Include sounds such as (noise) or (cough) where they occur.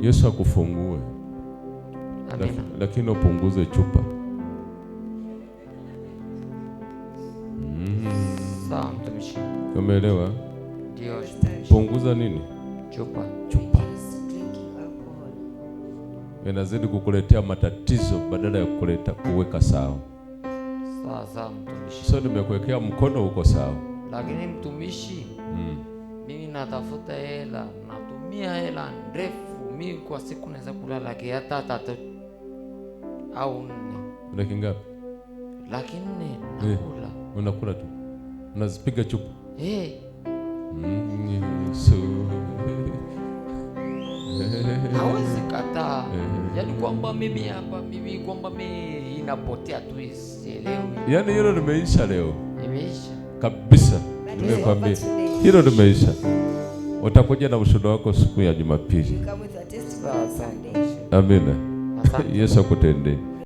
Yesu akufungue, lakini upunguze chupa. Mm. Umeelewa? Ndio. Punguza nini? Chupa. Chupa. Inazidi kukuletea matatizo badala ya kukuleta kuweka sawa. Sawa sawa mtumishi. Sasa nimekuwekea mkono uko sawa. Lakini mtumishi, mm. mimi natafuta hela, natumia hela ndefu mi kwa siku naweza kulala laki hata tatu au nne. Laki ngapi? Laki nne nakula. Eh, unakula tu unazipiga chupa eh. Mm, Yesu (laughs) hawezi kataa, eh. yaani kwamba mimi hapa mimi kwamba mimi inapotea tu isielewi, yaani hilo limeisha leo, imeisha kabisa. Nimekwambia hilo limeisha. Utakuja na ushuhuda wako siku ya Jumapili. Amina. Yesu akutendee.